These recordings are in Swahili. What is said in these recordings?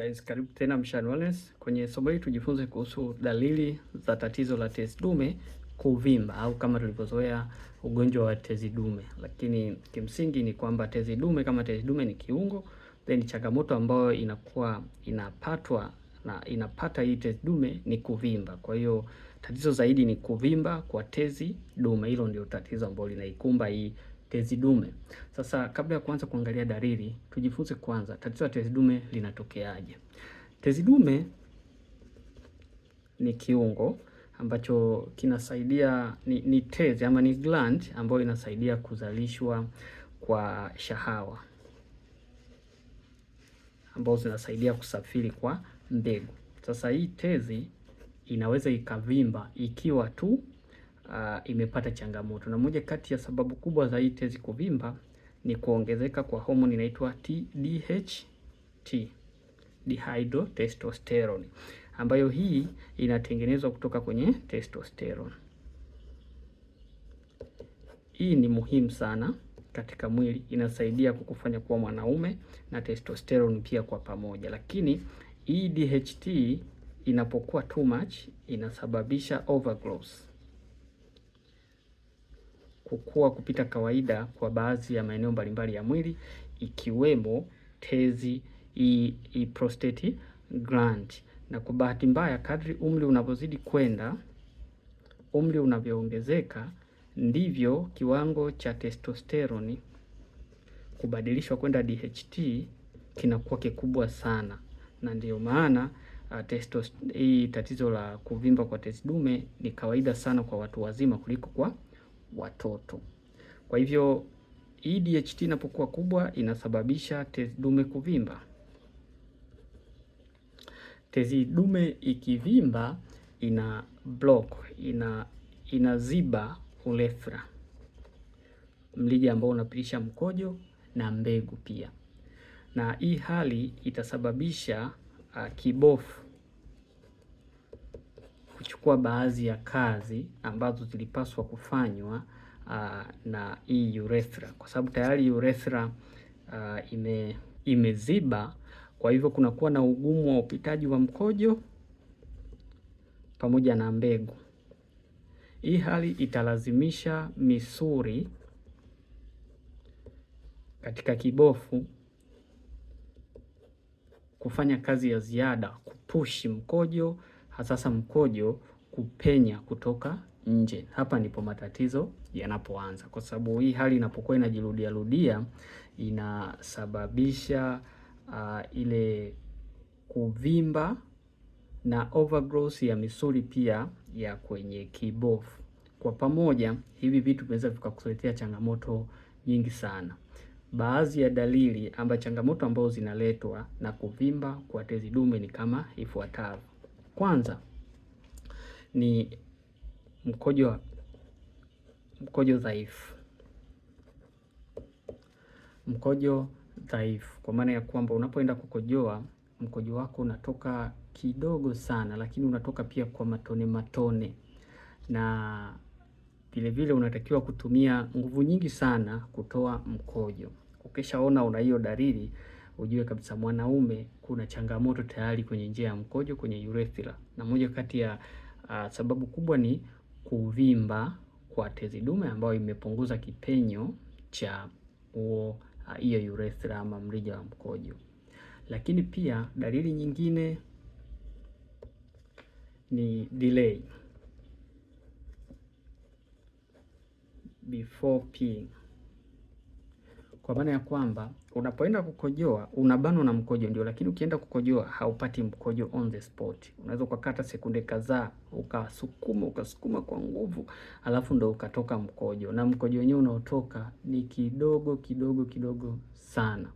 guys, karibu tena Mshan Wellness. Kwenye somo hili tujifunze kuhusu dalili za tatizo la tezi dume kuvimba au kama tulivyozoea ugonjwa wa tezi dume, lakini kimsingi ni kwamba tezi dume kama tezi dume ni kiungo, then changamoto ambayo inakuwa inapatwa na inapata hii tezi dume ni kuvimba. Kwa hiyo tatizo zaidi ni kuvimba kwa tezi dume, hilo ndio tatizo ambalo linaikumba hii tezi dume. Sasa kabla ya kuanza kuangalia dalili, tujifunze kwanza tatizo la tezi dume linatokeaje. Tezi dume ni kiungo ambacho kinasaidia ni, ni tezi ama ni gland ambayo inasaidia kuzalishwa kwa shahawa ambazo zinasaidia kusafiri kwa mbegu. Sasa hii tezi inaweza ikavimba ikiwa tu uh, imepata changamoto, na moja kati ya sababu kubwa za hii tezi kuvimba ni kuongezeka kwa homoni inaitwa DHT, dihydrotestosterone, ambayo hii inatengenezwa kutoka kwenye testosterone. Hii ni muhimu sana katika mwili, inasaidia kukufanya kuwa mwanaume na testosterone pia kwa pamoja, lakini hii e DHT inapokuwa too much inasababisha overgrowth kukua kupita kawaida kwa baadhi ya maeneo mbalimbali ya mwili ikiwemo tezi i, i prostate gland. Na kwa bahati mbaya, kadri umri unavyozidi kwenda, umri unavyoongezeka, ndivyo kiwango cha testosterone kubadilishwa kwenda DHT kinakuwa kikubwa sana, na ndiyo maana ah, hii tatizo la kuvimba kwa tezi dume ni kawaida sana kwa watu wazima kuliko kwa watoto. Kwa hivyo hii DHT inapokuwa kubwa inasababisha tezi dume kuvimba. Tezi dume ikivimba ina block, ina inaziba urethra, mlija ambao unapitisha mkojo na mbegu pia, na hii hali itasababisha uh, kibofu kuchukua baadhi ya kazi ambazo zilipaswa kufanywa uh, na hii urethra, kwa sababu tayari urethra uh, ime imeziba. Kwa hivyo kunakuwa na ugumu wa upitaji wa mkojo pamoja na mbegu. Hii hali italazimisha misuri katika kibofu kufanya kazi ya ziada kupushi mkojo hasasa mkojo kupenya kutoka nje. Hapa ndipo matatizo yanapoanza, kwa sababu hii hali inapokuwa inajirudia rudia inasababisha uh, ile kuvimba na overgrowth ya misuli pia ya kwenye kibofu. Kwa pamoja, hivi vitu vinaweza vikakuletea changamoto nyingi sana. Baadhi ya dalili amba changamoto ambazo zinaletwa na kuvimba kwa tezi dume ni kama ifuatavyo. Kwanza ni mkojo, mkojo dhaifu, mkojo dhaifu, kwa maana ya kwamba unapoenda kukojoa mkojo wako unatoka kidogo sana, lakini unatoka pia kwa matone matone, na vilevile unatakiwa kutumia nguvu nyingi sana kutoa mkojo. Ukishaona una hiyo dalili ujue kabisa mwanaume kuna changamoto tayari kwenye njia ya mkojo, kwenye urethra, na moja kati ya uh, sababu kubwa ni kuvimba kwa tezi dume ambayo imepunguza kipenyo cha huo hiyo uh, urethra ama mrija wa mkojo. Lakini pia dalili nyingine ni delay before peeing kwa maana ya kwamba unapoenda kukojoa unabanwa na mkojo ndio, lakini ukienda kukojoa haupati mkojo on the spot. Unaweza ukakata sekunde kadhaa ukasukuma ukasukuma kwa nguvu, alafu ndo ukatoka mkojo, na mkojo wenyewe unaotoka ni kidogo kidogo kidogo sana.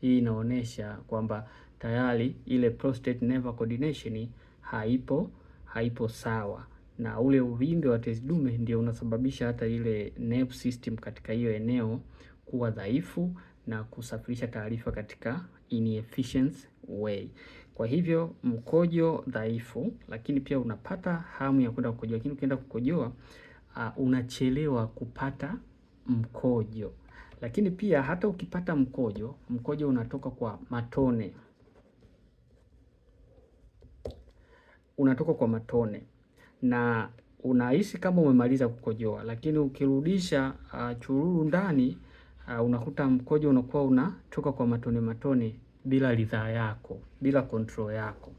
Hii inaonyesha kwamba tayari ile prostate nerve coordination haipo haipo sawa na ule uvimbe wa tezi dume ndio unasababisha hata ile nerve system katika hiyo eneo kuwa dhaifu na kusafirisha taarifa katika inefficient way. Kwa hivyo mkojo dhaifu, lakini pia unapata hamu ya kwenda kukojoa, lakini ukienda kukojoa uh, unachelewa kupata mkojo. Lakini pia hata ukipata mkojo, mkojo unatoka kwa matone, unatoka kwa matone na unahisi kama umemaliza kukojoa, lakini ukirudisha uh, chururu ndani uh, unakuta mkojo unakuwa unatoka kwa matone matone bila ridhaa yako, bila control yako.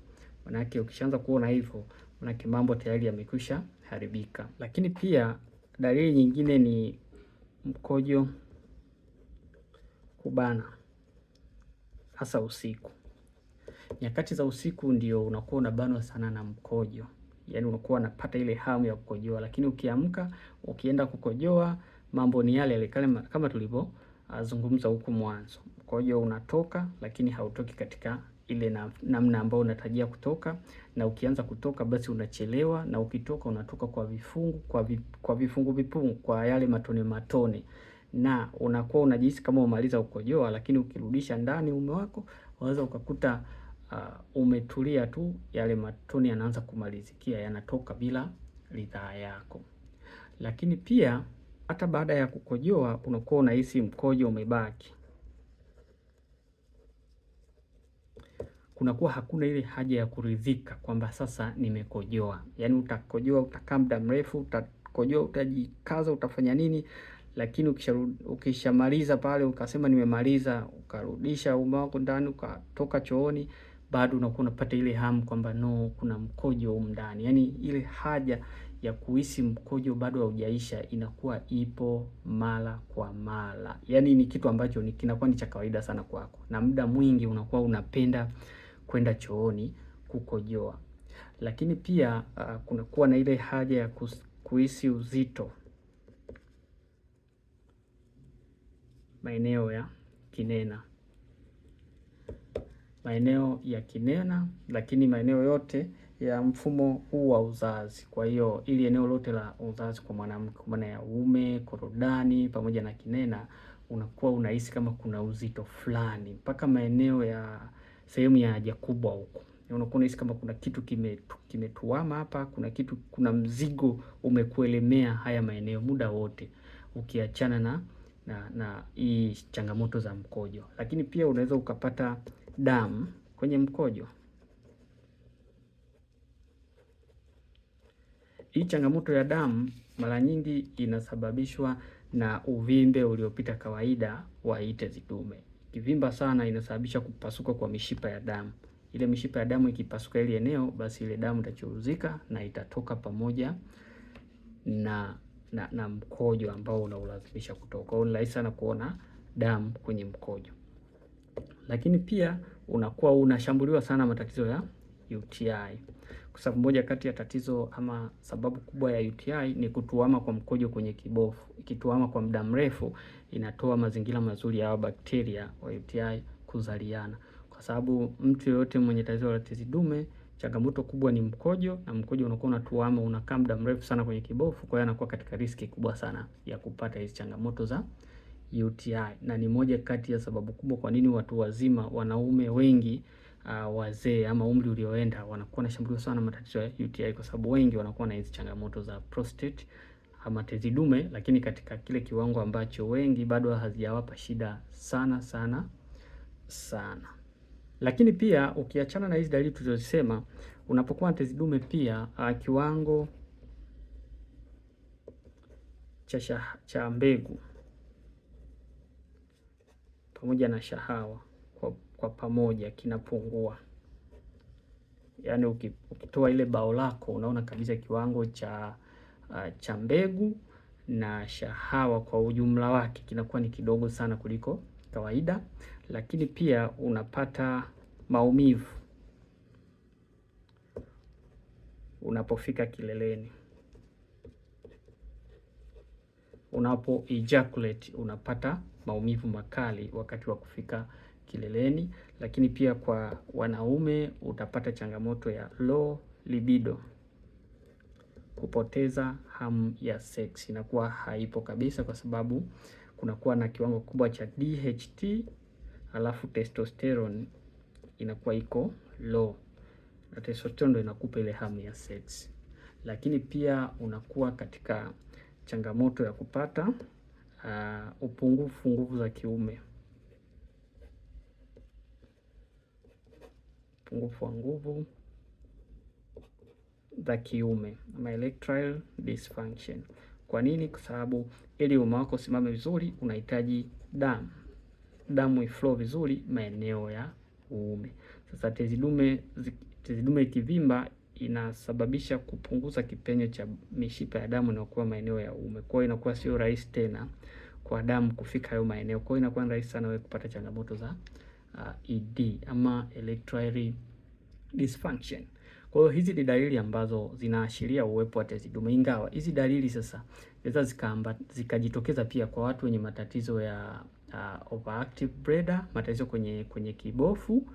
Manake ukishaanza kuona hivyo, manake mambo tayari yamekwisha haribika. Lakini pia dalili nyingine ni mkojo kubana, hasa usiku. Nyakati za usiku ndio unakuwa unabanwa sana na mkojo, yaani unakuwa unapata ile hamu ya kukojoa, lakini ukiamka ukienda kukojoa mambo ni yale yale kama, kama tulivyozungumza ah, huku mwanzo. Kwa hiyo unatoka lakini hautoki katika ile na, namna ambayo unatarajia kutoka, na ukianza kutoka basi unachelewa, na ukitoka unatoka kwa vifungu kwa, vi, kwa vifungu vipungu kwa yale matone matone, na unakuwa unajihisi kama umaliza ukojoa, lakini ukirudisha ndani ume wako unaweza ukakuta uh, umetulia tu, yale matone yanaanza kumalizikia, yanatoka bila ridhaa yako, lakini pia hata baada ya kukojoa unakuwa unahisi mkojo umebaki, kunakuwa hakuna ile haja ya kuridhika kwamba sasa nimekojoa. Yaani utakojoa, utakaa muda mrefu, utakojoa, utajikaza, utafanya nini, lakini ukishamaliza pale ukasema nimemaliza, ukarudisha uma wako ndani, ukatoka chooni, bado unakuwa unapata ile hamu kwamba no, kuna mkojo huko ndani, yaani ile haja ya kuhisi mkojo bado haujaisha inakuwa ipo mara kwa mara, yaani ni kitu ambacho ni kinakuwa ni cha kawaida sana kwako, na muda mwingi unakuwa unapenda kwenda chooni kukojoa. Lakini pia uh, kunakuwa na ile haja ya kuhisi uzito maeneo ya kinena, maeneo ya kinena, lakini maeneo yote ya mfumo huu wa uzazi. Kwa hiyo ili eneo lote la uzazi kwa mwanamke, kwa maana ya ume, korodani pamoja na kinena, unakuwa unahisi kama kuna uzito fulani mpaka maeneo ya sehemu ya haja kubwa huko unakuwa unahisi kama kuna kitu kimetuama hapa, kuna kitu, kuna mzigo umekuelemea haya maeneo muda wote, ukiachana na na na hii changamoto za mkojo. Lakini pia unaweza ukapata damu kwenye mkojo. Hii changamoto ya damu mara nyingi inasababishwa na uvimbe uliopita kawaida wa ite dume. Kivimba sana, inasababisha kupasuka kwa mishipa ya damu. Ile mishipa ya damu ikipasuka ile eneo, basi ile damu itachuruzika na itatoka pamoja na, na, na mkojo ambao unaulazimisha kutoka. Kwa hiyo ni rahisi sana kuona damu kwenye mkojo, lakini pia unakuwa unashambuliwa sana matatizo ya UTI kwa sababu moja kati ya tatizo ama sababu kubwa ya UTI ni kutuama kwa mkojo kwenye kibofu. Ikituama kwa muda mrefu, inatoa mazingira mazuri ya bakteria wa UTI kuzaliana, kwa sababu mtu yoyote mwenye tatizo la tezi dume changamoto kubwa ni mkojo, na mkojo unakuwa unatuama, unakaa muda mrefu sana kwenye kibofu, kwa hiyo anakuwa katika riski kubwa sana ya kupata hizi changamoto za UTI, na ni moja kati ya sababu kubwa kwa nini watu wazima wanaume wengi uh, wazee ama umri ulioenda wanakuwa wanashambuliwa sana matatizo ya UTI kwa sababu wengi wanakuwa na hizi changamoto za prostate ama tezi dume, lakini katika kile kiwango ambacho wengi bado hazijawapa shida sana sana sana. Lakini pia ukiachana na hizi dalili tulizosema, unapokuwa na tezi dume pia uh, kiwango cha, cha mbegu pamoja na shahawa kwa pamoja kinapungua. Yaani ukitoa ile bao lako unaona kabisa kiwango cha uh, cha mbegu na shahawa kwa ujumla wake kinakuwa ni kidogo sana kuliko kawaida, lakini pia unapata maumivu unapofika kileleni, unapo ejaculate unapata maumivu makali wakati wa kufika kileleni, lakini pia kwa wanaume utapata changamoto ya low libido, kupoteza hamu ya sex inakuwa haipo kabisa, kwa sababu kunakuwa na kiwango kubwa cha DHT alafu testosterone inakuwa iko low, na testosterone ndio inakupa ile hamu ya seksi. Lakini pia unakuwa katika changamoto ya kupata uh, upungufu nguvu za kiume, upungufu wa nguvu za kiume ama erectile dysfunction. Kwa nini? Kwa sababu ili uma wako usimame vizuri unahitaji damu, damu iflow vizuri maeneo ya uume. Sasa tezi dume tezi dume ikivimba inasababisha kupunguza kipenyo cha mishipa ya damu inayokuwa maeneo ya uume. Kwa hiyo inakuwa sio rahisi tena kwa damu kufika hayo maeneo. Kwa hiyo inakuwa ni rahisi sana wewe kupata changamoto za uh, ah, ED ama electrolyte dysfunction. Kwa hiyo hizi ni dalili ambazo zinaashiria uwepo wa tezi dume, ingawa hizi dalili sasa zinaweza zikajitokeza pia kwa watu wenye matatizo ya uh, overactive bladder, matatizo kwenye kwenye kibofu,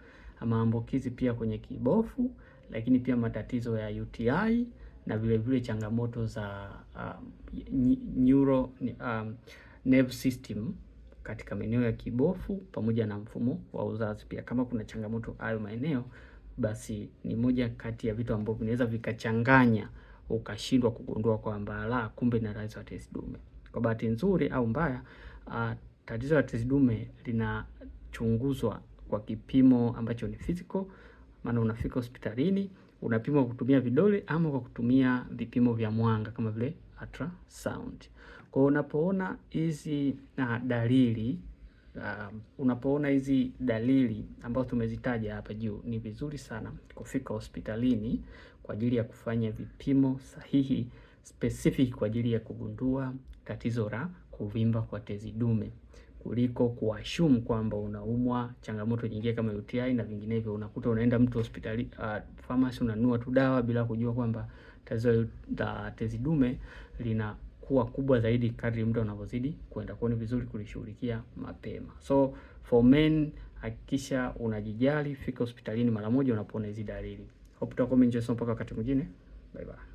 maambukizi pia kwenye kibofu lakini pia matatizo ya UTI na vile vile changamoto za um, neuro, um, nerve system katika maeneo ya kibofu pamoja na mfumo wa uzazi pia. Kama kuna changamoto hayo maeneo, basi ni moja kati ya vitu ambavyo vinaweza vikachanganya ukashindwa kugundua kwamba la kumbe na tatizo la tezi dume. Kwa bahati nzuri au mbaya, uh, tatizo la tezi dume linachunguzwa kwa kipimo ambacho ni physical maana unafika hospitalini unapimwa kutumia vidole ama kwa kutumia vipimo vya mwanga kama vile ultrasound. Kwa unapoona hizi ah, dalili uh, unapoona hizi dalili ambazo tumezitaja hapa juu, ni vizuri sana kufika hospitalini kwa ajili ya kufanya vipimo sahihi specific kwa ajili ya kugundua tatizo la kuvimba kwa tezi dume kuliko kuashumu kwamba unaumwa changamoto nyingine kama UTI na vinginevyo. Unakuta unaenda mtu hospitali, uh, pharmacy tu dawa bila kujua kwamba tatizo la tezi dume linakuwa kubwa zaidi kadri mtu anavyozidi kwenda. Kwa ni vizuri kulishughulikia mapema. So for men, hakikisha unajijali, fika hospitalini mara moja unapoona hizi dalili. Hope tutakuwa mpaka wakati mwingine. Bye bye.